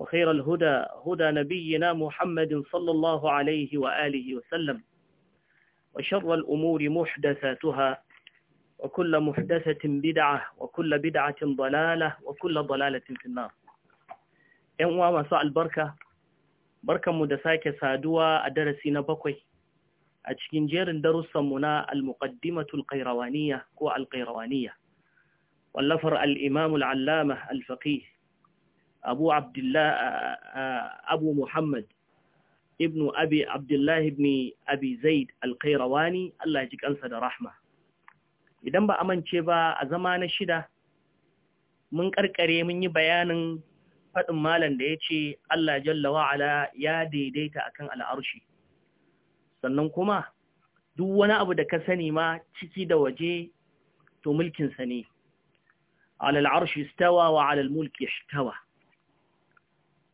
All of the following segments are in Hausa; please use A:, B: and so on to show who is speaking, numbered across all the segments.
A: وخير الهدى هدى نبينا محمد صلى الله عليه وآله وسلم وشر الأمور محدثاتها وكل محدثة بدعة وكل بدعة ضلالة وكل ضلالة في النار ينوى مساء البركة بركة مدساكة سادوى الدرسين بقوي أتشكينجير درس منا المقدمة القيروانية كو القيروانية واللفر الإمام العلامة الفقيه أبو عبد الله أبو محمد ابن أبي عبد الله ابن أبي زيد القيرواني الله يجيك أنسى رحمة idan ba amince ba a zama na shida mun karkare mun yi bayanin faɗin malam da ya ce Allah jalla wa'ala ya daidaita akan al'arshi sannan kuma duk wani abu da ka sani ma ciki da waje to mulkinsa ne alal arshi stawa wa alal mulki ihtawa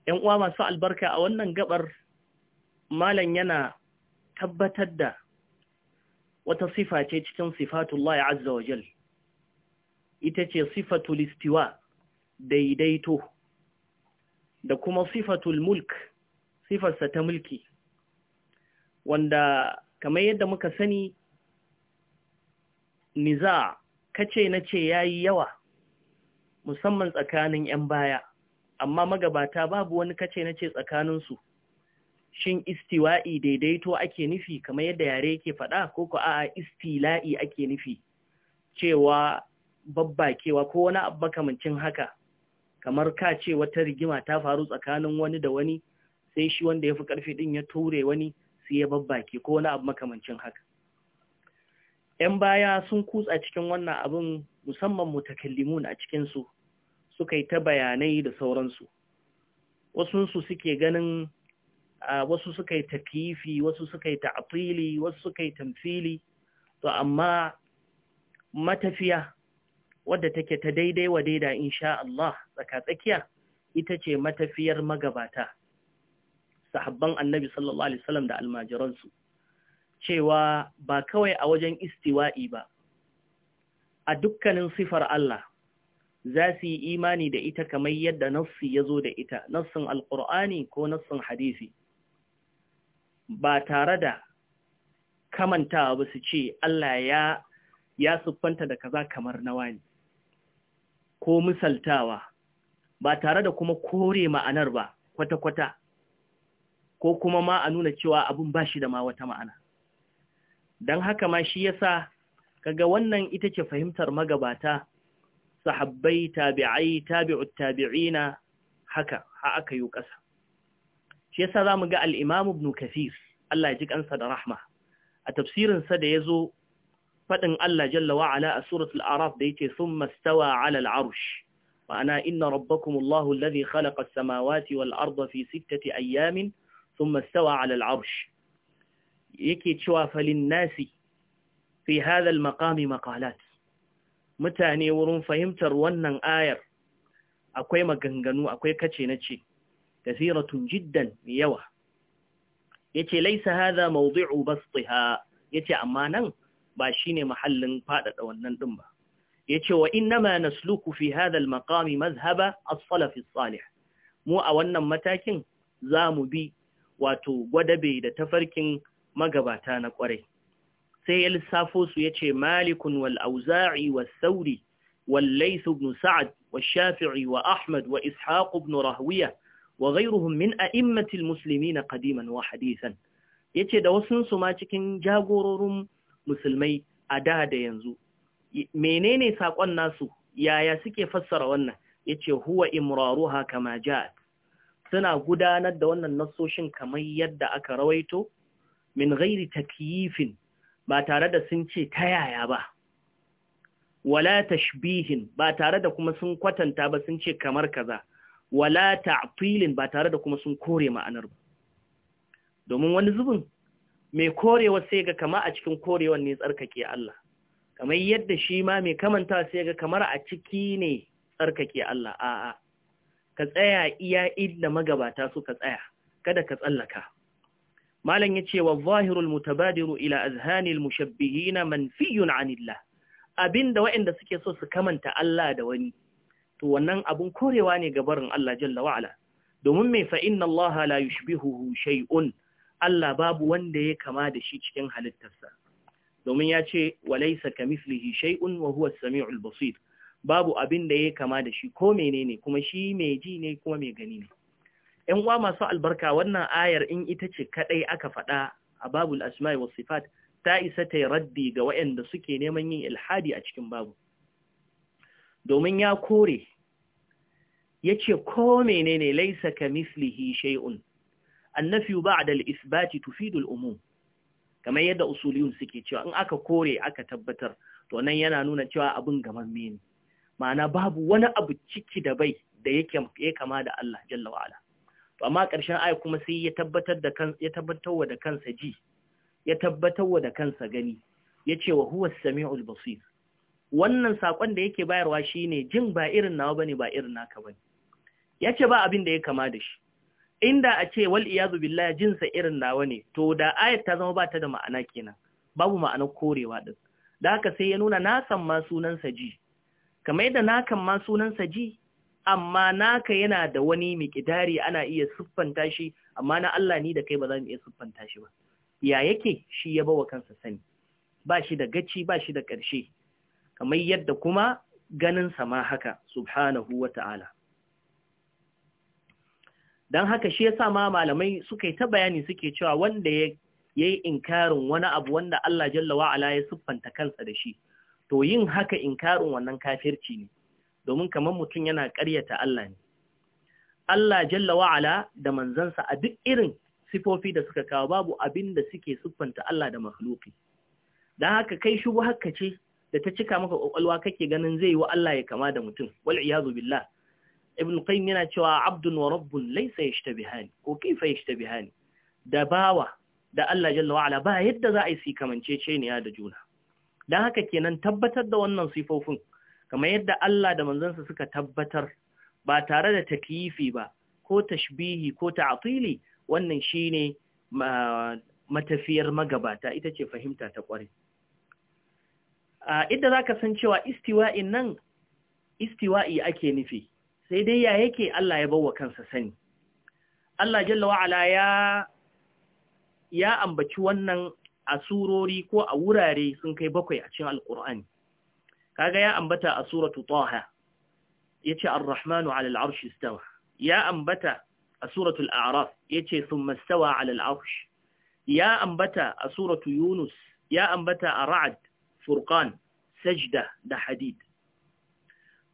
A: ‘yan uwa masu albarka a wannan gabar malam yana tabbatar da wata sifa ce cikin sifatullahi azza wa jal ita ce sifatul istiwa daidaito da kuma sifatul mulk sifarsa ta mulki wanda kamar yadda muka sani niza kace na ce yayi yawa musamman tsakanin 'yan baya amma magabata babu wani kace na ce tsakaninsu shin istiwa'i daidaito ake nufi kamar yadda yare yake faɗa ko ko a'a istila'i ake nufi cewa babbakewa ko wani abu makamancin haka kamar ka ce wata rigima ta faru tsakanin wani da wani sai shi wanda ya fi ƙarfi ɗin ya ture wani sai ya babbake ko wani abu makamancin haka ‘yan baya sun kutsa cikin wannan abin musamman mutakallimun a cikinsu suka yi ta bayanai da sauransu wasunsu suke ganin wasu suka yi takifi wasu suka yi afili wasu suka yi tamfili to amma matafiya wadda take ta daidai wa daida insha Allah tsaka tsakiya. ita ce matafiyar magabata sahabban annabi sallallahu alaihi wasallam da almajiransu cewa ba kawai a wajen istiwa'i ba a dukkanin sifar Allah za su yi imani da ita kamar yadda nassi ya zo da ita, nassin alƙur'ani ko nassin hadisi, ba tare da kamantawa ba su ce Allah ya, ya siffanta da kaza kamar nawa ne, ko misaltawa, ba tare da kuma kore ma'anar ba kwata-kwata, ko kuma ma a nuna cewa abin ba shi da ma wata ma'ana. Don haka ma shi yasa, kaga wannan ita ce fahimtar magabata sahabbai tabi'ai tabi'ut tabi'ina haka ha aka yi ƙasa shi yasa zamu ga al-Imam Ibn Kathir Allah ya ji kansa da rahma a tafsirin da ya zo fadin Allah jalla wa a suratul araf da yake sun mastawa ala al ma'ana inna rabbakum allah alladhi khalaƙa samawati wal-arda fi sittati ayamin sun mastawa ala al yake cewa falin nasi fi hadha al-maqami maqalat mutane wurin fahimtar wannan ayar akwai maganganu akwai kace na ce kasiratun jiddan yawa yace laisa hadha mawdi'u bastiha yace amma nan ba shine mahallin fadada wannan din ba yace wa innama nasluku fi hadha al-maqami madhhaba as-salaf as-salih mu a wannan matakin zamu bi wato gwadabe da tafarkin magabata na kwarai sai ya lissafo su ya ce malikun wal auza'i wa sauri wal ibn sa'ad wa shafi'i wa ahmad wa ishaku ibn rahwiya wa gairuhun min a'immatil muslimina qadiman wa Ya yace da wasun su ma cikin jagororin musulmai a da da yanzu menene saƙon nasu yaya suke fassara wannan yace huwa imraruha kama ja'at suna gudanar da wannan nasoshin kamar yadda aka rawaito min ghairi takyifin ba tare da sun ce ta yaya ba wala tashbihin ba tare da kuma sun kwatanta ba sun ce kamar kaza wala ta filin ba tare da kuma sun kore ma'anar ba domin wani zubin mai korewa sai ga kama a cikin korewan ne tsarkake Allah kamar yadda shi ma mai kamanta sai ga kamar a ciki ne tsarkake Allah a'a ka tsaya iya inda magabata suka tsaya kada ka tsallaka malam yace wa zahirul mutabadiru ila azhanil mushabbihina manfiyun anillah abinda waɗanda suke so su kamanta Allah da wani to wannan abun korewa ne ga barin Allah jalla wa ala domin mai fa inna Allah la yushbihuhu shay'un Allah babu wanda ya kama da shi cikin halittarsa domin ya ce walaysa kamithlihi shay'un wa huwa as-sami'ul basir babu abin da ya kama da shi ko menene kuma shi mai ji ne kuma mai gani ne ‘yan uwa masu albarka wannan ayar in ita ce kaɗai aka faɗa a babul asma'i wa sifat ta isa ta raddi ga waɗanda suke neman yin ilhadi a cikin babu domin ya kore ya ce ko ne laisa ka mislihi shay'un annafi ba'da al-isbati tufidu umu umum kamar yadda usuliyun suke cewa in aka kore aka tabbatar to nan yana nuna cewa abin gamamme ne ma'ana babu wani abu ciki da bai da yake ya kama da Allah jalla wa'ala amma ƙarshen aya kuma sai ya tabbatar da kan ya tabbatarwa da kansa ji ya tabbatarwa da kansa gani yace wa huwa as-sami'ul basir wannan sakon da yake bayarwa shine jin ba irin nawa bane ba irin naka bane yace ba abin da ya kama da shi inda a ce wal iyazu billahi jin sa irin nawa ne to da ayat ta zama ba ta da ma'ana kenan babu ma'anar korewa din da haka sai ya nuna na ma sunan sa ji kamar yadda na kan ma sunan sa ji amma naka yana da wani miƙidari ana iya siffanta shi amma na Allah ni da kai ba za mu iya siffanta shi ba ya yake shi ya bawa kansa sani ba shi da gaci ba shi da ƙarshe kamar yadda kuma ganin sama haka subhanahu wa ta'ala don haka shi yasa ma malamai suka yi ta bayani suke cewa wanda ya yi inkarin wani abu wanda Allah jalla wa'ala ya siffanta kansa da shi to yin haka inkarin wannan kafirci ne domin kamar mutum yana ƙaryata Allah ne Allah jalla wa'ala da manzansa a duk irin sifofi da suka kawo babu abin da suke siffanta Allah da makhluki dan haka kai shubu haka ce da ta cika maka kwakwalwa kake ganin zai yi wa Allah ya kama da mutum wal iyazu billah ibn qayyim yana cewa abdun wa rabbun laysa yashtabihani ko kaifa yashtabihani da bawa da Allah jalla wa ba yadda za a yi su ceniya da juna dan haka kenan tabbatar da wannan sifofin kamar yadda Allah da manzansa suka tabbatar ba tare da takyifi ba ko tashbihi ko ta'tili wannan shine matafiyar magabata ita ce fahimta ta kware idda zaka san cewa istiwa'i nan istiwa'i ake nufi sai dai ya yake Allah ya bawa kansa sani Allah jalla wa'ala ya ya ambaci wannan asurori ko a wurare sun kai bakwai a cikin alkur'ani kaga ya ambata a suratu taha yace ar-rahmanu 'ala al-'arshi istawa ya ambata a suratu al-a'raf yace thumma istawa 'ala al-'arsh ya ambata a suratu yunus ya ambata a ra'd furqan sajda da hadid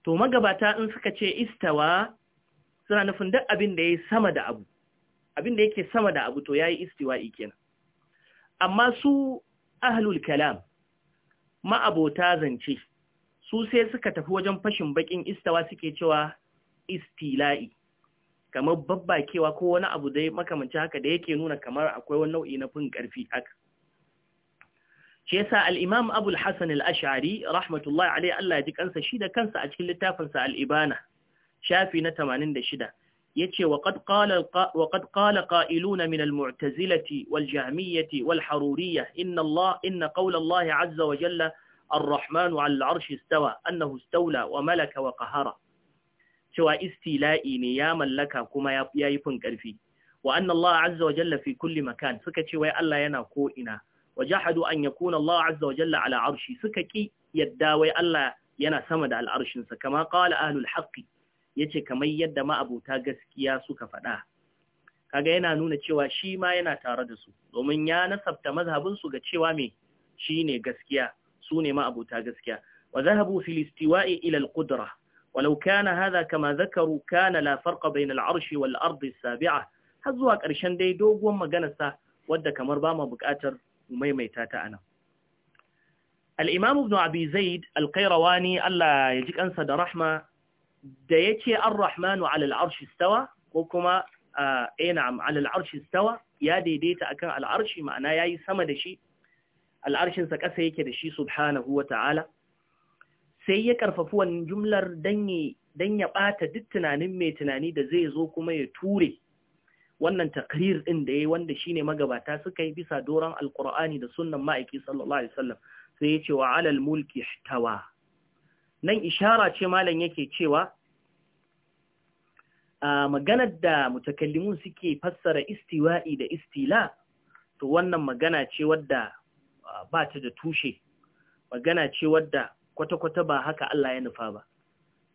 A: to magabata in suka ce istawa suna nufin duk abin da yayi sama da abu abin da yake sama da abu to yayi istiwa'i kenan amma su ahlul kalam ma'abota zance su sai suka tafi wajen fashin bakin istawa suke cewa istila'i kamar babbakewa ko wani abu dai makamanci haka da yake nuna kamar akwai wani nau'i na fin karfi haka shi yasa al-imam abul hasan al-ash'ari rahmatullahi alayhi Allah ya ji kansa shi da kansa a cikin sa al-ibana shafi na 86 yace wa qad qala wa qad qala qa'iluna min al-mu'tazilati wal jahmiyati wal haruriyyah inna Allah inna qawla Allah azza wa jalla الرحمن على العرش استوى أنه استولى وملك وقهر شوى استيلائي نياما لك كما يفن كرفي وأن الله عز وجل في كل مكان سكتي ويا الله ينكو إنا وجحدوا أن يكون الله عز وجل على ki yadda يداوي allah yana sama da al'arshinsa, kama ƙala ahlul haƙƙi yace kamar yadda ma'abuta gaskiya suka faɗa. Kaga yana nuna cewa shi ma yana tare da su, domin ya nasabta su ga cewa mai shi ne gaskiya, سوني ما أبو تاجسكيا وذهبوا في الاستواء إلى القدرة ولو كان هذا كما ذكروا كان لا فرق بين العرش والأرض السابعة هزوك أرشان دي دوب وما جنسة ودى كمرباما بكاتر وميميتات أنا الإمام ابن أبي زيد القيرواني ألا يجيك أنسى رحمة ديتي الرحمن على العرش استوى وكما آه إيه نعم على العرش استوى يا ديديت على العرش معناه يا يسمى دشي al'arshinsa ƙasa yake da shi subhanahu wa ta'ala, sai ya ƙarfafi wani jumlar don ya ɓata duk tunanin mai tunani da zai zo kuma ya ture wannan takrir ɗin da ya wanda shi ne magabata suka yi bisa doron alƙur'ani da sunan ma'aiki sallallahu Alaihi wasallam sai ya ce wa alal mulki tawa. Nan ishara ce malam yake cewa a maganar da mutakallimun suke fassara istiwa'i da istila to wannan magana ce wadda ba ta da tushe magana ce wadda kwata-kwata ba haka Allah ya nufa ba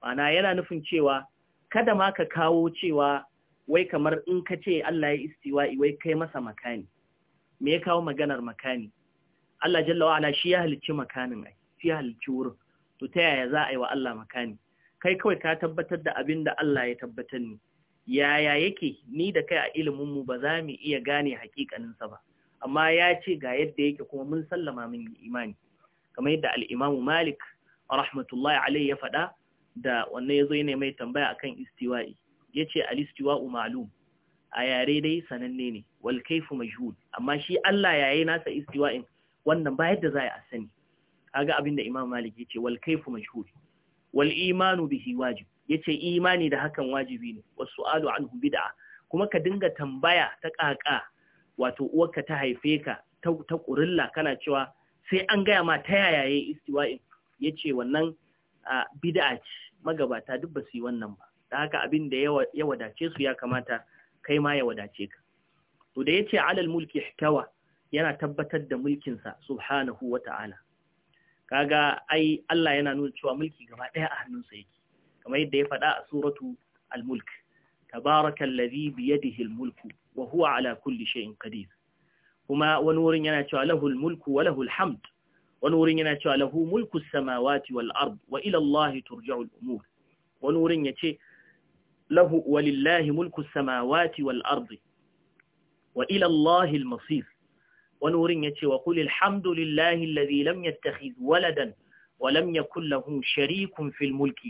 A: ma'ana yana nufin cewa kada ma ka kawo cewa wai kamar in ka ce Allah ya istiwa wai kai masa makani me ya kawo maganar makani Allah jalla wa ala shi ya halicci makanin ai shi ya halicci wurin to ta yaya za a yi wa Allah makani kai kawai ka tabbatar da abin da Allah ya tabbatar ni yaya yake ni da kai a ilimin mu ba za mu iya gane hakikanin ba amma ya ce ga yadda yake kuma mun sallama min imani kamar yadda al'imamu malik rahmatullahi alai ya faɗa da wannan ya zo yana mai tambaya akan istiwa'i ya ce alistiwa'u ma'alum a yare dai sananne ne wal kaifu majhul amma shi Allah yayi nasa istiwa'in wannan ba yadda za a sani kaga abin da imam malik ya ce wal kaifu majhul wal imanu bihi wajib yace imani da hakan wajibi ne Wasu alu anhu bid'a kuma ka dinga tambaya ta kaka. wato uwarka ta haife ka ta ƙurilla kana cewa sai an gaya ma ta yaya ya istiwa'in ya ce wannan bid'a ce magabata duk ba su yi wannan ba da haka abin da ya wadace su ya kamata kai ma ya wadace ka to da ya ce alal mulki hikawa yana tabbatar da mulkinsa subhanahu wa ta'ala kaga ai Allah yana nuna cewa mulki gaba ɗaya a hannunsa yake kamar yadda ya faɗa a suratu al-mulk tabarakallazi biyadihi al-mulku وهو على كل شيء قدير وما ونور ينا له الملك وله الحمد ونورنا ينا له ملك السماوات والأرض وإلى الله ترجع الأمور ونورنا ينا له ولله ملك السماوات والأرض وإلى الله المصير ونورنا ينا وقل الحمد لله الذي لم يتخذ ولدا ولم يكن له شريك في الملك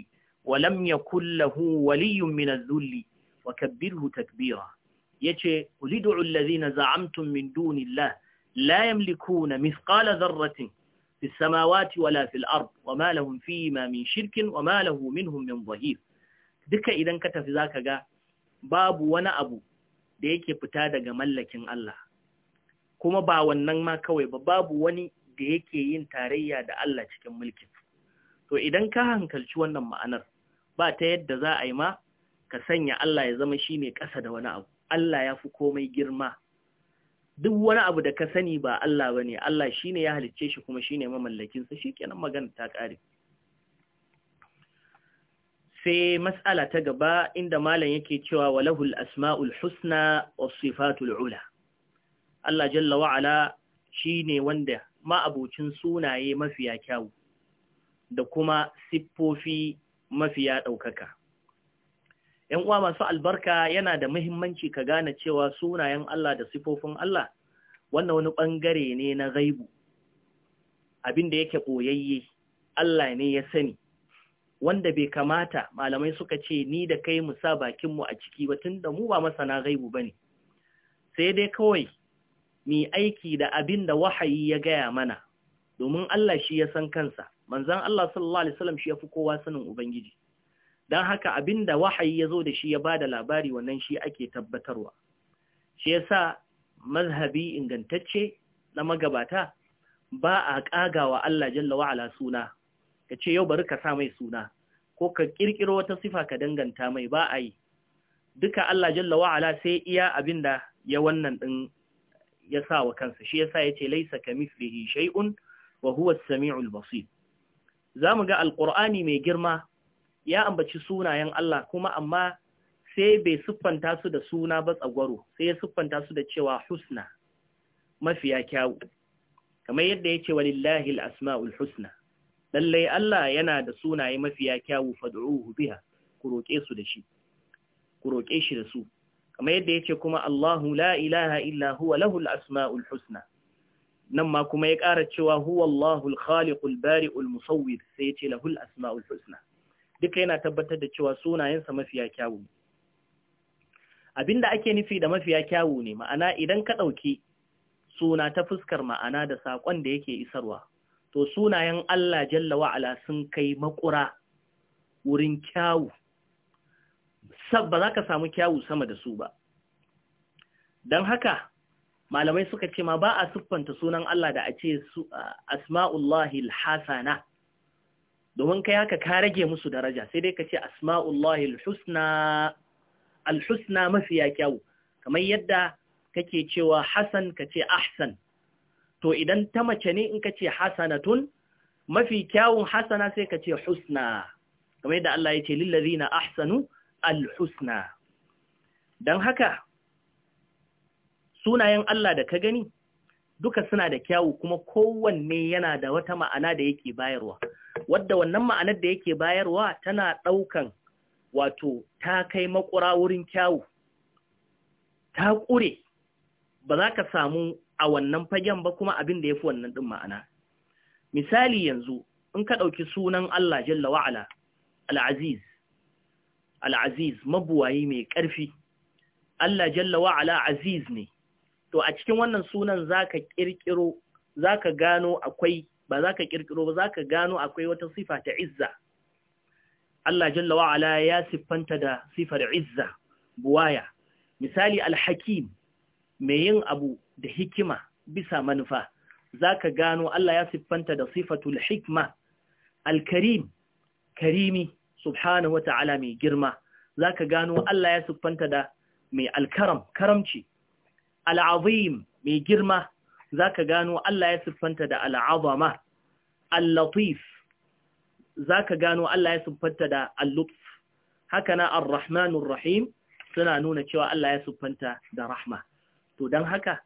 A: ولم يكن له ولي من الذل وكبره تكبيرا Ya ce, ku allazina za'amtum min dunillah la yamlikuna mithqala dharratin في السماوات ولا في الأرض وما لهم فيما من شرك وما له منهم hummin ظهير duka idan ka tafi zaka ga babu wani abu da yake fita daga mallakin Allah kuma ba wannan ma kawai ba babu wani da yake yin tarayya da Allah cikin mulkin to idan ka hankalci wannan ma'anar ba ta yadda za a yi ma ka sanya Allah ya zama shine ƙasa da wani abu Allah ya fi komai girma duk wani abu da ka sani ba Allah ba ne Allah shi ne ya halicce shi kuma shi ne mamallakinsa shi kenan magana ta ƙare sai matsala ta gaba inda malam yake cewa walahul asma'ul husna wa sifatul ula Allah jalla wa'ala shi ne wanda ma'abocin sunaye mafiya kyawu da kuma siffofi mafiya ɗaukaka. ‘yan uwa masu albarka yana da muhimmanci ka gane cewa sunayen Allah da sifofin Allah wannan wani ɓangare ne na gaibu abin da yake ɓoyayye Allah ne ya sani wanda bai kamata malamai suka ce ni da kai mu sa bakinmu a ciki ba tun da mu ba masana gaibu ba ne sai dai kawai mi aiki da abin da wahayi ya gaya mana domin Allah shi ya san kansa manzan Allah sallallahu alaihi wasallam shi ya fi kowa sanin ubangiji don haka abinda wahayi ya zo da shi ya ba da labari wannan shi ake tabbatarwa shi yasa mazhabi ingantacce na magabata ba a wa Allah jalla wa'ala suna ka ce yau bari ka sa mai suna ko ka ƙirƙiro wata sifa ka danganta mai ba a yi duka Allah jalla wa'ala sai iya abinda ya wannan ɗin ya sa wa kansa shi yasa ya ce laisa ka mislihi shay'un wa huwa as-sami'ul basir zamu ga alqur'ani mai girma ya ambaci sunayen Allah kuma amma sai bai siffanta su da suna ba tsagwaro sai ya siffanta su da cewa husna mafiya kyawu kamar yadda ya ce walillahi al-asma'ul husna lallai Allah yana da sunaye mafiya kyawu fad'uhu biha ku roƙe shi da su kamar yadda yace kuma Allahu la ilaha illa huwa lahul asmaul husna nan ma kuma ya ƙara cewa huwa Allahul khaliqul bari'ul musawwir sai yace lahul asmaul husna duka yana tabbatar da cewa sunayensa mafiya kyawu abinda ake nufi da mafiya kyawu ne ma'ana idan ka ɗauki suna ta fuskar ma'ana da saƙon da yake isarwa to sunayen Allah jalla wa'ala sun kai makura wurin kyawu sab ba za ka samu kyawu sama da su ba don haka malamai suka ce ma ba a siffanta sunan Allah da a ce asma'ullahi hasana domin kai haka ka rage musu daraja sai dai ka ce asma'ullahi al-husna al-husna mafiya kyau kamar yadda kake cewa hasan ka ce ahsan to idan ta mace ne in ka ce hasanatun mafi kyawun hasana sai ka ce husna kamar yadda Allah ya ce lillazina ahsanu al-husna dan haka sunayen Allah da ka gani duka suna da kyawu kuma kowanne yana da wata ma'ana da yake bayarwa wadda wannan ma'anar da yake bayarwa tana ɗaukan wato ta kai makura wurin kyawu ta ƙure ba za ka samu a wannan fagen ba kuma abin da ya fi wannan ɗin ma'ana misali yanzu in ka ɗauki sunan Allah jalla wa'ala al'aziz al'aziz mabuwayi mai ƙarfi Allah jalla wa'ala aziz ne to a cikin wannan sunan za ka ƙirƙiro za ka gano akwai ba za ka ƙirƙiro ba za ka gano akwai wata sifa ta izza Allah jalla wa ya siffanta da sifar izza buwaya misali alhakim mai yin abu da hikima bisa manufa za ka gano Allah ya siffanta da sifatul hikma alkarim karimi subhanahu wa ta'ala mai girma za ka gano Allah ya siffanta da mai alkaram karamci al'azim mai girma zaka gano Allah ya siffanta da al'azama al-latif zaka gano Allah ya siffanta da al-lutf haka na ar rahim suna nuna cewa Allah ya siffanta da rahma to dan haka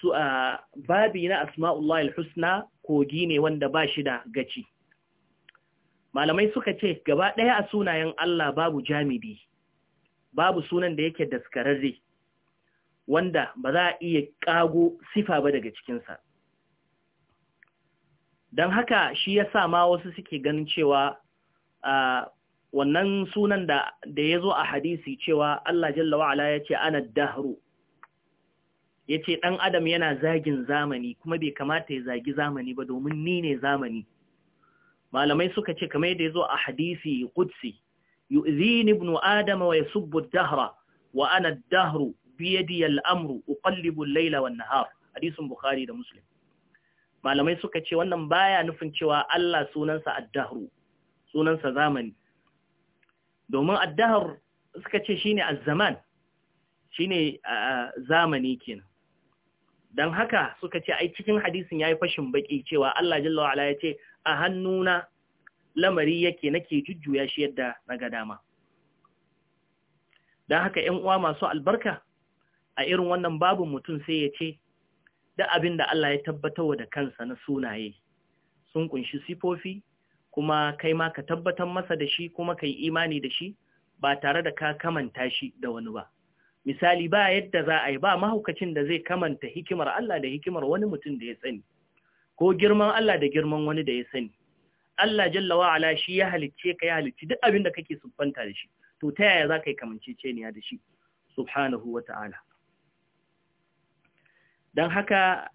A: su a babi na asma'ullahi al-husna kogi ne wanda ba shi da gaci malamai suka ce gaba ɗaya a sunayen Allah babu jami'i babu sunan da yake daskararri. wanda ba za a iya ƙago sifa ba daga cikinsa don haka shi ya sa ma wasu suke ganin cewa wannan sunan da ya zo a hadisi cewa Allah jalla wa'ala ya ce ana dahru ya ce ɗan adam yana zagin zamani kuma bai kamata ya zagi zamani ba domin ni ne zamani malamai suka ce kamar yadda ya zo a hadisi kudsi yu'zini ibn adama wa yasubbu dahra wa ana dahru biyadi al'amru uqallibu laila nahar hadisin bukhari da muslim malamai suka ce wannan baya nufin cewa Allah sunansa addahru, sunansa zamani domin addahar suka ce shi ne az-zaman ne zamani kenan Don haka suka ce ai cikin hadisin ya yi fashin baƙi cewa Allah jalla ala ya ce a hannuna lamari yake nake jujjuya shi yadda naga dama don haka ‘yan uwa masu albarka a irin wannan babu mutum sai ya ce da abin da Allah ya wa da kansa na sunaye sun kunshi sifofi kuma kai ma ka tabbatar masa da shi kuma kai imani da shi ba tare da ka kamanta shi da wani ba misali ba yadda za a yi ba mahaukacin da zai kamanta hikimar Allah da hikimar wani mutum da ya sani ko girman Allah da girman wani da ya sani Allah jalla wa ala shi ya halicce ka ya halicci duk abin da kake siffanta da shi to ta yaya za ka yi kamanceceniya da shi subhanahu wa ta'ala don haka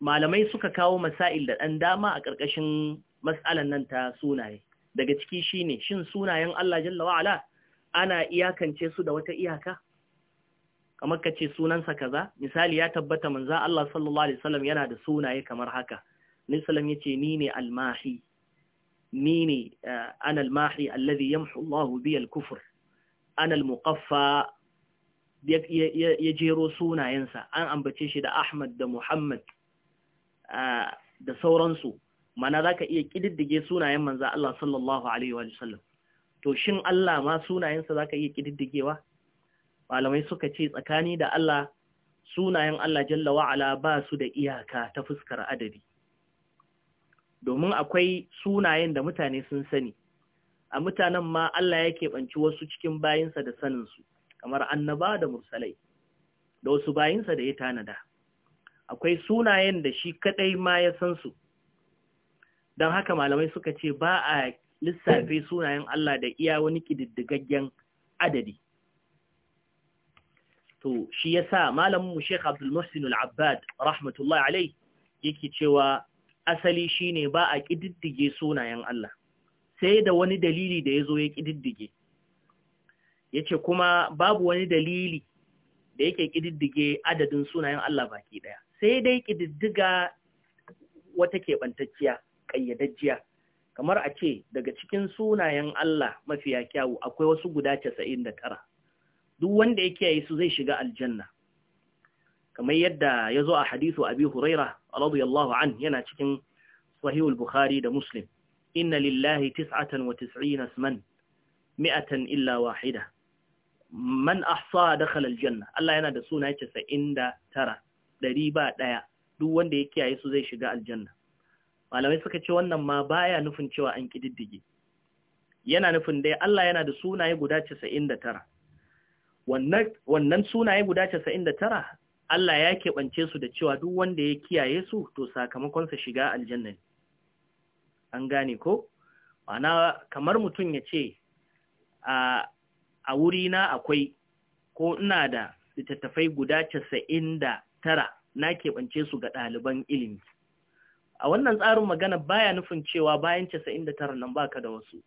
A: malamai suka kawo masail da ɗan dama a ƙarƙashin matsalan nan ta sunaye daga ciki shine shin sunayen Allah jalla wa'ala ana iyakance su da wata iyaka kamar ka ce sunansa kaza misali ya tabbata manza Allah sallallahu alaihi wasallam yana da sunaye kamar haka ni sallam yace ni ne almahi ni ne ana almahi alladhi yamhu Allah bi alkufr ana almuqaffa ya jero sunayensa an ambace shi da Ahmad da Muhammad da sauransu mana za ka iya ƙididdige sunayen manza Allah sallallahu Alaihi wasallam to shin Allah ma sunayensa za ka iya ƙididdigewa malamai suka ce tsakani da Allah sunayen Allah jalla wa'ala ba su da iyaka ta fuskar adadi domin akwai sunayen da mutane sun sani a mutanen ma Allah ya keɓanci wasu cikin bayinsa da saninsu kamar annaba da mursalai da wasu bayinsa da ya tanada akwai sunayen da shi kadai ma ya san su don haka malamai suka ce ba a lissafe sunayen Allah da iya wani kididdigaggen adadi to shi yasa malamin mu Sheikh Abdul Muhsin Al-Abbad rahmatullahi alai yake cewa asali shine ba a kididdige sunayen Allah sai da wani dalili da ya zo ya ƙididdige Ya ce kuma babu wani dalili da yake ƙididdige adadin sunayen Allah baki ɗaya. sai dai kididdiga wata keɓantacciya ƙayyadajjiya kamar a ce daga cikin sunayen Allah mafiya kyawu akwai wasu guda casa'in da tara duk wanda ya kiyaye su zai shiga aljanna kamar yadda ya zo a hadisu abi huraira radiyallahu an yana cikin sahihul bukhari da muslim inna lillahi tis'atan wa tis'ina mi'atan illa wahida man ahsa dakhala aljanna Allah yana da suna tara ɗari ba ɗaya duk wanda ya kiyaye su zai shiga aljanna malamai suka ce wannan ma baya nufin cewa an kididdige yana nufin dai Allah yana da sunaye guda 99 wannan wannan sunaye guda 99 Allah ya keɓance su da cewa duk wanda ya kiyaye su to sakamakonsa shiga aljanna ne an gane ko ma'ana kamar mutum yace ce a ah, a wurina akwai ko ina da littattafai guda casa'in da tara na keɓance su ga ɗaliban ilimi. A wannan tsarin magana baya nufin cewa bayan casa'in da tara nan baka da wasu.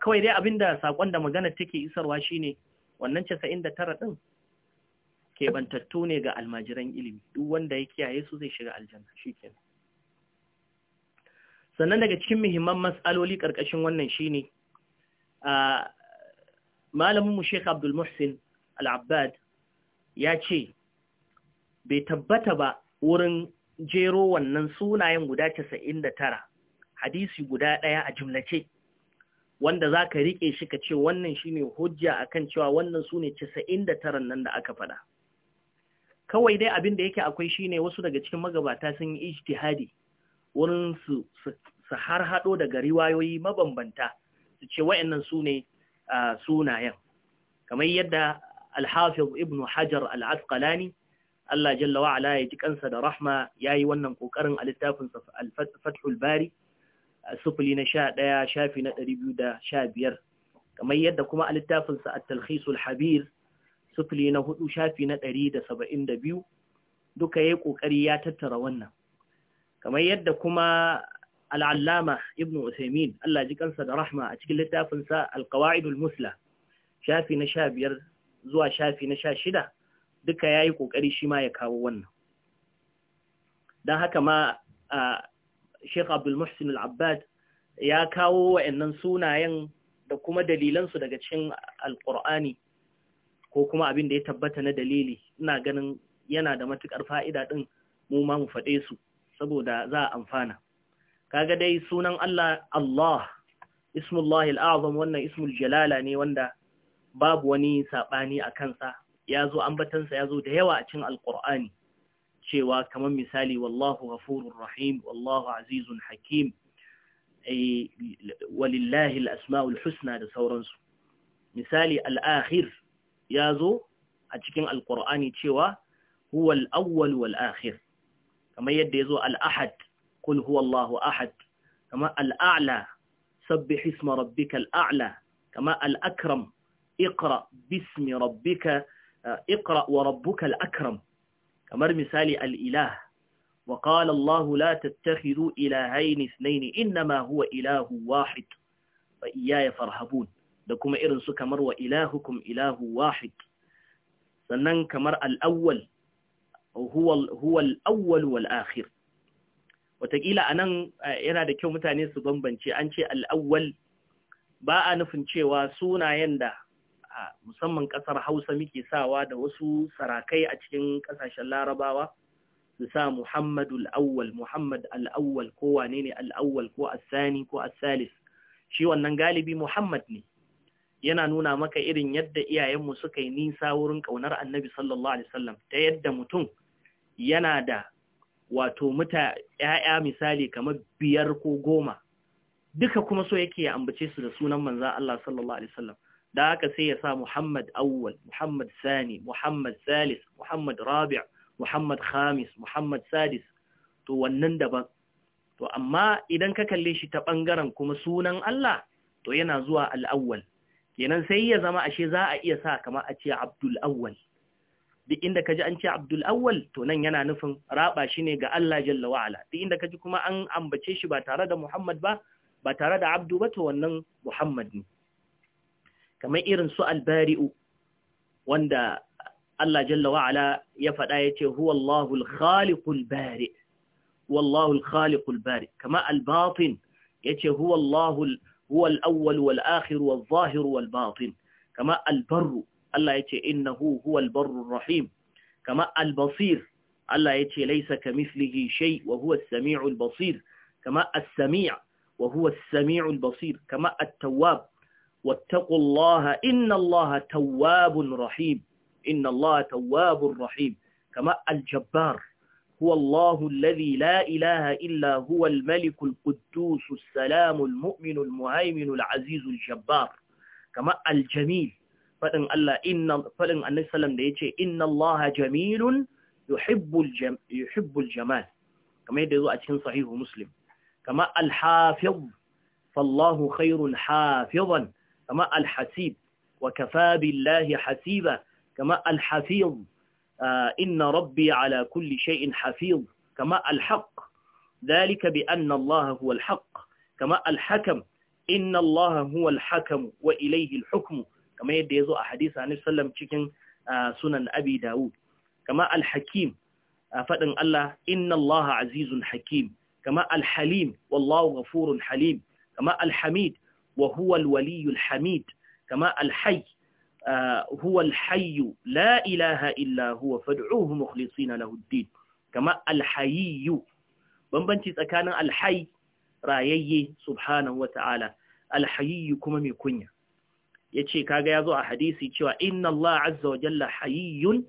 A: Kawai dai abin da saƙon da magana take isarwa shine wannan casa'in da tara ɗin keɓantattu ne ga almajiran ilimi duk wanda ya kiyaye su zai shiga aljanna shi kenan. Sannan daga cikin muhimman matsaloli ƙarƙashin wannan shi ne malamin mu Sheikh Abdul Muhsin Al-Abbad ya ce bai tabbata ba wurin jero wannan sunayen guda 99 hadisi guda ɗaya a jumlace wanda za ka riƙe shi ka ce wannan shi ne hujja a kan cewa wannan su ne 99 nan da aka faɗa kawai dai abin da yake akwai shine wasu daga cikin magabata sun yi ijtihadi wurin su su har haɗo daga riwayoyi mabambanta su ce wa'annan su ne sunayen kamar yadda alhafiz ibn hajar al'asqalani Allah jalla wa'ala ya ji kansa da rahma yayi wannan ƙoƙarin a littafin fathul bari sufuli na sha shafi na ɗari kamar yadda kuma a littafinsa a talhisul habir sufuli na hudu shafi na ɗari da saba'in da biyu duka yayi yi ƙoƙari ya tattara wannan kamar yadda kuma al'allama ibn Usaimin Allah ji kansa da rahma a cikin littafinsa alkawa'idul musla shafi na sha biyar zuwa shafi na sha shida duka ya yi ƙoƙari shi ma ya kawo wannan don haka ma Sheikh Abdul Muhsin al’abbad ya kawo wa'annan sunayen da kuma dalilansu daga cin alƙur'ani ko kuma abin da ya tabbata na dalili ina ganin yana da matuƙar fa'ida ɗin mu ma mu faɗe su saboda za a amfana. kaga dai sunan Allah Allah ismullahi al'azam wannan ismul jalala ne wanda babu wani saɓani a kansa ya zo ambatansa ya zo da yawa a cikin alƙur'ani cewa kamar misali wallahu ghafurur rahim wallahu azizun hakim eh, walillahi al'asma'ul husna da sauransu misali al'akhir ya zo a cikin alƙur'ani cewa huwal awwal wal akhir kamar yadda ya zo Al-ahad. قل هو الله أحد كما الأعلى سبح اسم ربك الأعلى كما الأكرم اقرأ باسم ربك آه، اقرأ وربك الأكرم كما مثال الإله وقال الله لا تتخذوا إلهين اثنين إنما هو إله واحد فإياي فارهبون لكم إرنس كمر وإلهكم إله واحد سنن كمر الأول هو, هو الأول والآخر Wataƙila a nan yana da kyau mutane su bambance an ce al'awwal ba a nufin cewa sunayen da musamman ƙasar Hausa muke sawa da wasu sarakai a cikin ƙasashen larabawa su sa Muhammadu al'awwal, Muhammad al'awwal ko wane ne al'awwal ko asani ko asalis. Shi wannan galibi Muhammad ne, yana nuna maka irin yadda iyayenmu suka yi nisa wurin ƙaunar annabi sallallahu Alaihi wasallam ta yadda mutum yana da wato muta ‘ya'ya misali kamar biyar ko goma, duka kuma so yake ya ambace su da sunan manza Allah sallallahu Alaihi wasallam, da haka sai ya sa Muhammad Awwal, Muhammad Sani, Muhammad Salis, Muhammad Rabi', Muhammad Khamis, Muhammad Sadis, to wannan daban. To, amma idan ka kalle shi ta ɓangaren kuma sunan Allah, to yana zuwa al'awwal, kenan sai ya zama ashe za a iya sa kama a ce Abdul Awwal. duk inda kaji an ce Abdul Awwal to nan yana nufin raba shi ne ga Allah jalla wa duk inda kaji kuma an ambace shi ba tare da Muhammad ba ba tare da Abdu ba to wannan Muhammad ne kamar irin su albari'u. wanda Allah jalla wa ya faɗa yace huwa Allahul khaliqul bari wallahu al-khaliqul bari kama al ya ce. huwa Allahul huwa al-awwal wal-akhir wal-zahir wal-batin kama al Allah ya ce innahu huwal barrur rahim kama al-basir Allah ya ce laisa kamithlihi shay wa huwa as-sami'ul basir kama as-sami' wa huwa as-sami'ul basir kama at-tawwab wattaqullaha innallaha tawwabun rahim innallaha tawwabur rahim kama al-jabbar هو الله الذي لا إله إلا هو الملك القدوس السلام المؤمن المهيمن العزيز الجبار كما الجميل فإن الله ان فإن النبي صلى الله عليه وسلم ان الله جميل يحب الجمال يحب الجمال كما يدعو اكن صحيح مسلم كما الحافظ فالله خير حافظا كما الحسيب وكفى بالله حسيبا كما الحفيظ آه، ان ربي على كل شيء حفيظ كما الحق ذلك بان الله هو الحق كما الحكم ان الله هو الحكم واليه الحكم kamar yadda ya zo a hadisa na sallam cikin sunan abi dawud kama alhakim a faɗin Allah inna Allah azizun hakim kama alhalim wallahu ghafurun halim kama alhamid wa huwa alwaliyul hamid kama alhayy huwa alhayy la ilaha illa huwa fad'uhu mukhlisina lahu ad-din kama alhayy bambanci tsakanin alhayy rayayye subhanahu wa ta'ala alhayy kuma mai kunya ya ce kaga zo a hadisi cewa inna Allah azza wa jalla hayyun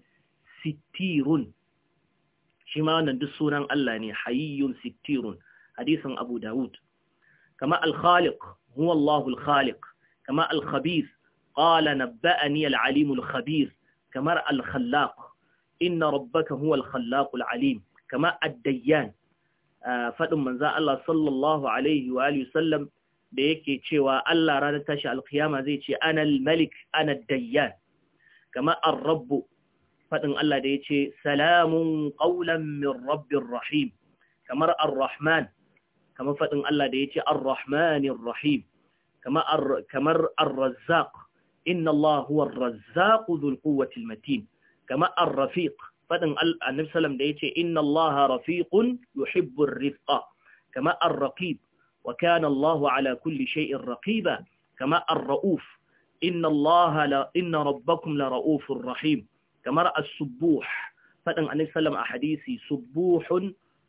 A: sittirun shi ma wannan duk sunan Allah ne hayyun sittirun hadisin Abu Dawud kama al-khaliq huwa Allahu al-khaliq kama al-khabir qala nabba'ani al-alim al-khabir kama al-khallaq inna rabbaka huwa al-khallaq al-alim kama ad-dayyan ah, fadin manzo Allah sallallahu alaihi wa alihi sallam da yake cewa Allah ranar tashi alkiyama zai ce anal malik anad dayyan kama ar-rabb fadin Allah da yace salamun qawlan min rabbir rahim kamar ar-rahman kama fadin Allah da yace ar-rahmanir rahim kama kamar ar-razzaq inna Allah huwa ar-razzaq dhul quwwati al-matin kama ar-rafiq fadin annabi sallam da yace inna Allah rafiqun yuhibbu ar-rifqa kama ar-raqib وكان الله على كل شيء رقيبا كما الرؤوف إن الله لا إن ربكم لرؤوف رحيم كما رأى السبوح فدن عليه السلام أحاديثي سبوح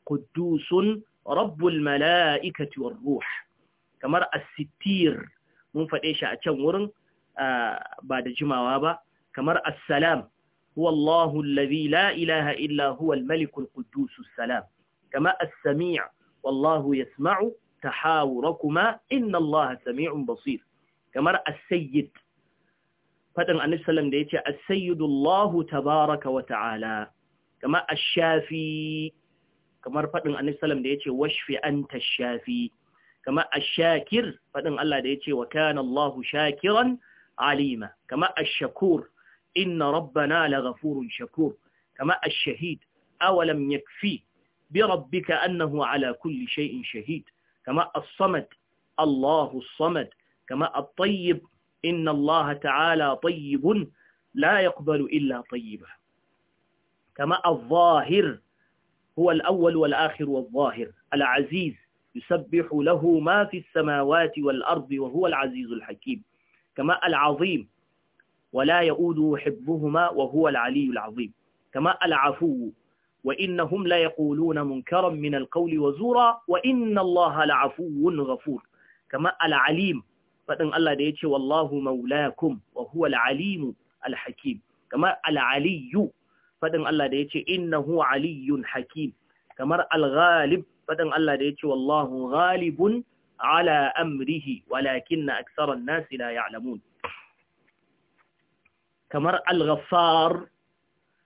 A: قدوس رب الملائكة والروح كما رأى الستير من فديش أتشورن آه، بعد جمعة وابا كما رأى السلام هو الله الذي لا إله إلا هو الملك القدوس السلام كما السميع والله يسمع tahawurakuma inna Allah sami'un basir kamar as-sayyid fadin annabi sallam da yace as-sayyidu Allah tabaaraka wa ta'ala kamar ash-shafi kamar fadin annabi da yace washfi anta shafi kamar ash-shakir fadin Allah da yace wakanallahu shakiran alima kamar ash-shakur inna rabbana laghafurun shakur kamar ash-shahid awalam yakfi bi rabbika annahu ala kulli shay'in shahid كما الصمد الله الصمد كما الطيب إن الله تعالى طيب لا يقبل إلا طيبه كما الظاهر هو الأول والآخر والظاهر العزيز يسبح له ما في السماوات والأرض وهو العزيز الحكيم كما العظيم ولا يؤوده حبهما وهو العلي العظيم كما العفو وإنهم لا يقولون منكرا من القول وزورا وإن الله لعفو غفور كما العليم فإن الله ديتي والله مولاكم وهو العليم الحكيم كما العلي فإن الله ديتي إنه علي حكيم كما الغالب فإن الله ديتي والله غالب على أمره ولكن أكثر الناس لا يعلمون كما الغفار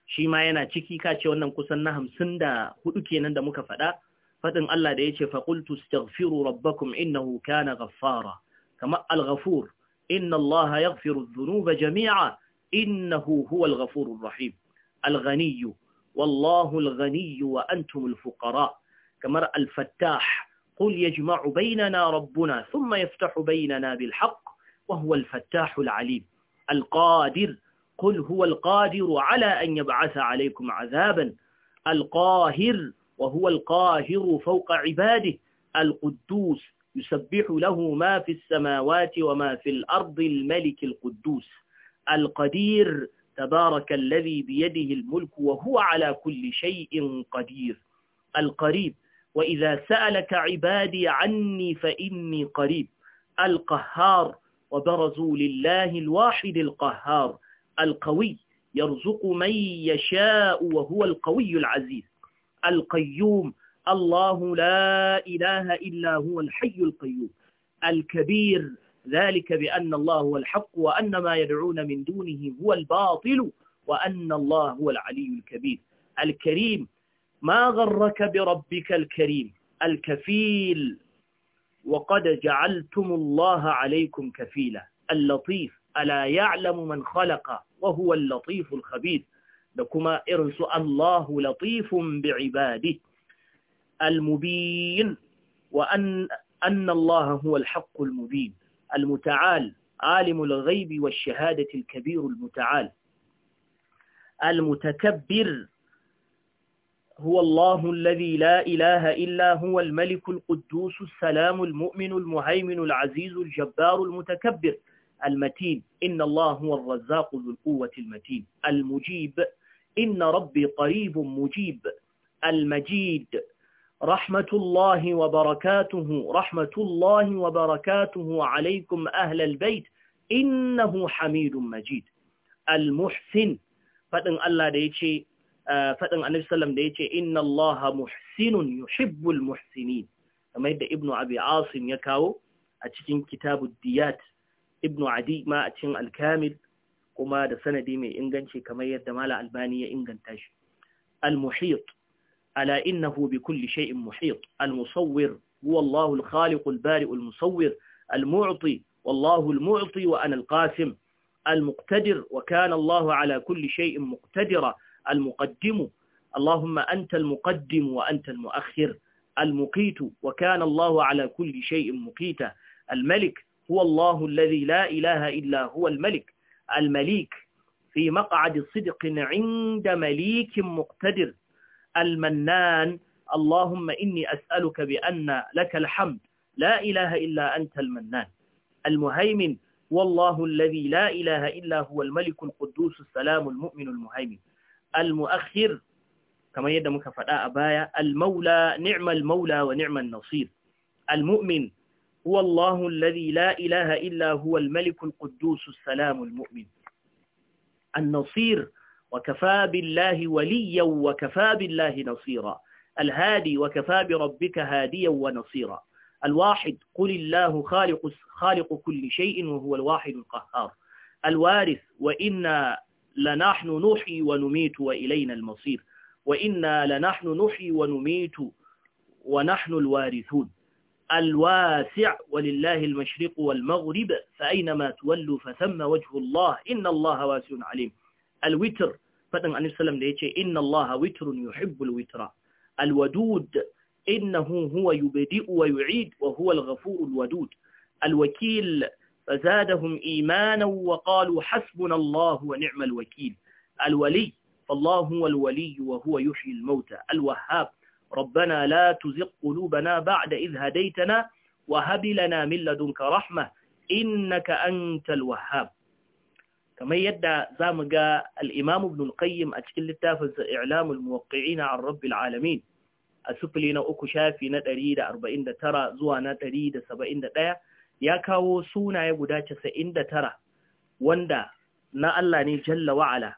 A: shi ma yana ciki ka ce wannan kusan na hamsin da hudu kenan da muka fada fadin Allah da ya ce faƙultu staghfiru rabbakum innahu kana ghaffara kama al-ghafur inna Allah yaghfiru adh dhunuba jami'a innahu huwa al-ghafur ar rahim al-ghaniy wallahu al ghani wa antum al-fuqara kamar al-fattah qul yajma'u baynana rabbuna thumma yaftahu baynana bil haqq wa huwa al-fattah al-alim al-qadir قل هو القادر على أن يبعث عليكم عذابا القاهر وهو القاهر فوق عباده القدوس يسبح له ما في السماوات وما في الأرض الملك القدوس القدير تبارك الذي بيده الملك وهو على كل شيء قدير القريب وإذا سألك عبادي عني فإني قريب القهار وبرزوا لله الواحد القهار القوي يرزق من يشاء وهو القوي العزيز القيوم الله لا إله إلا هو الحي القيوم الكبير ذلك بأن الله هو الحق وأن ما يدعون من دونه هو الباطل وأن الله هو العلي الكبير الكريم ما غرك بربك الكريم الكفيل وقد جعلتم الله عليكم كفيلا اللطيف ألا يعلم من خلق وهو اللطيف الخبير لكما إرس الله لطيف بعباده المبين وأن أن الله هو الحق المبين المتعال عالم الغيب والشهادة الكبير المتعال المتكبر هو الله الذي لا إله إلا هو الملك القدوس السلام المؤمن المهيمن العزيز الجبار المتكبر المتين إن الله هو الرزاق ذو القوة المتين المجيب إن ربي قريب مجيب المجيد رحمة الله وبركاته رحمة الله وبركاته عليكم أهل البيت إنه حميد مجيد المحسن فتن الله ديتي آه، فتن النبي صلى الله عليه وسلم إن الله محسن يحب المحسنين كما يبدأ ابن أبي عاصم يكاو أتكين كتاب الديات ابن عدي ما أتشن الكامل كما ده سندي مي إنغنشي كما يدمال ألبانية إنغنتاش المحيط ألا إنه بكل شيء محيط المصور هو الله الخالق البارئ المصور المعطي والله المعطي وأنا القاسم المقتدر وكان الله على كل شيء مقتدر المقدم اللهم أنت المقدم وأنت المؤخر المقيت وكان الله على كل شيء مقيت الملك هو الله الذي لا إله إلا هو الملك المليك في مقعد صدق عند مليك مقتدر المنان اللهم إني أسألك بأن لك الحمد لا إله إلا أنت المنان المهيمن والله الذي لا إله إلا هو الملك القدوس السلام المؤمن المهيمن المؤخر كما يدمك فداء أبايا المولى نعم المولى ونعم النصير المؤمن هو الله الذي لا إله إلا هو الملك القدوس السلام المؤمن النصير وكفى بالله وليا وكفى بالله نصيرا الهادي وكفى بربك هاديا ونصيرا الواحد قل الله خالق, خالق كل شيء وهو الواحد القهار الوارث وإنا لنحن نحيي ونميت وإلينا المصير وإنا لنحن نحيي ونميت ونحن الوارثون الواسع ولله المشرق والمغرب فأينما تولوا فثم وجه الله إن الله واسع عليم الوتر فتن عليه السلام ده إن الله وتر يحب الوتر الودود إنه هو يبدئ ويعيد وهو الغفور الودود الوكيل فزادهم إيمانا وقالوا حسبنا الله ونعم الوكيل الولي فالله هو الولي وهو يحيي الموتى الوهاب ربنا لا تزغ قلوبنا بعد إذ هديتنا وهب لنا من لدنك رحمة إنك أنت الوهاب kamar yadda za mu ga al'imam ibn qayyim a cikin littafinsa ilamul muwaƙi'i a rabbil alamin a sufuli na uku shafi na 149 zuwa na 171 ya kawo sunaye guda 99 wanda na Allah ne jalla wa'ala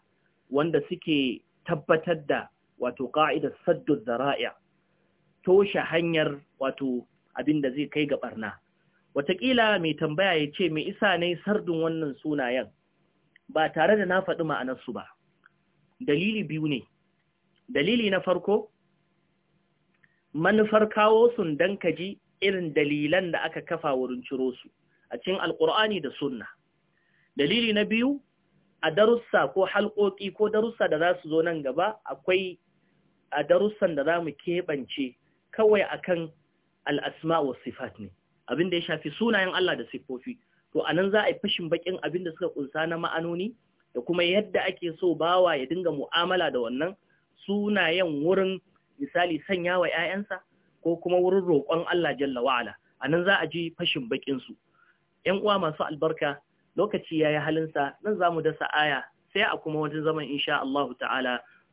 A: wanda suke tabbatar da wato ƙa'idar saddu zara'a toshe hanyar wato abin da zai kai ga ɓarna, wataƙila mai tambaya ya ce mai isa ne sardun wannan sunayen ba tare da na faɗi ma'anarsu ba dalili biyu ne dalili na farko manufar kawo sun dankaji kaji irin dalilan da aka kafa wurin ciro su a cikin Alƙur'ani da sunna dalili na biyu a darussa ko halƙoƙi ko darussa da za su zo nan gaba akwai a darussan da za mu keɓance kawai a kan al'asma wa sifat ne abinda ya shafi sunayen Allah da siffofi to a nan za a yi fashin bakin da suka ƙunsa na ma'anoni da kuma yadda ake so bawa ya dinga mu'amala da wannan sunayen wurin misali sanya wa ‘ya'yansa ko kuma wurin roƙon Allah jalla wa'ala a nan za a ji fashin bakinsu ‘yan uwa masu albarka lokaci ya yi halinsa nan za mu dasa aya sai a kuma wajen zaman insha Allah ta'ala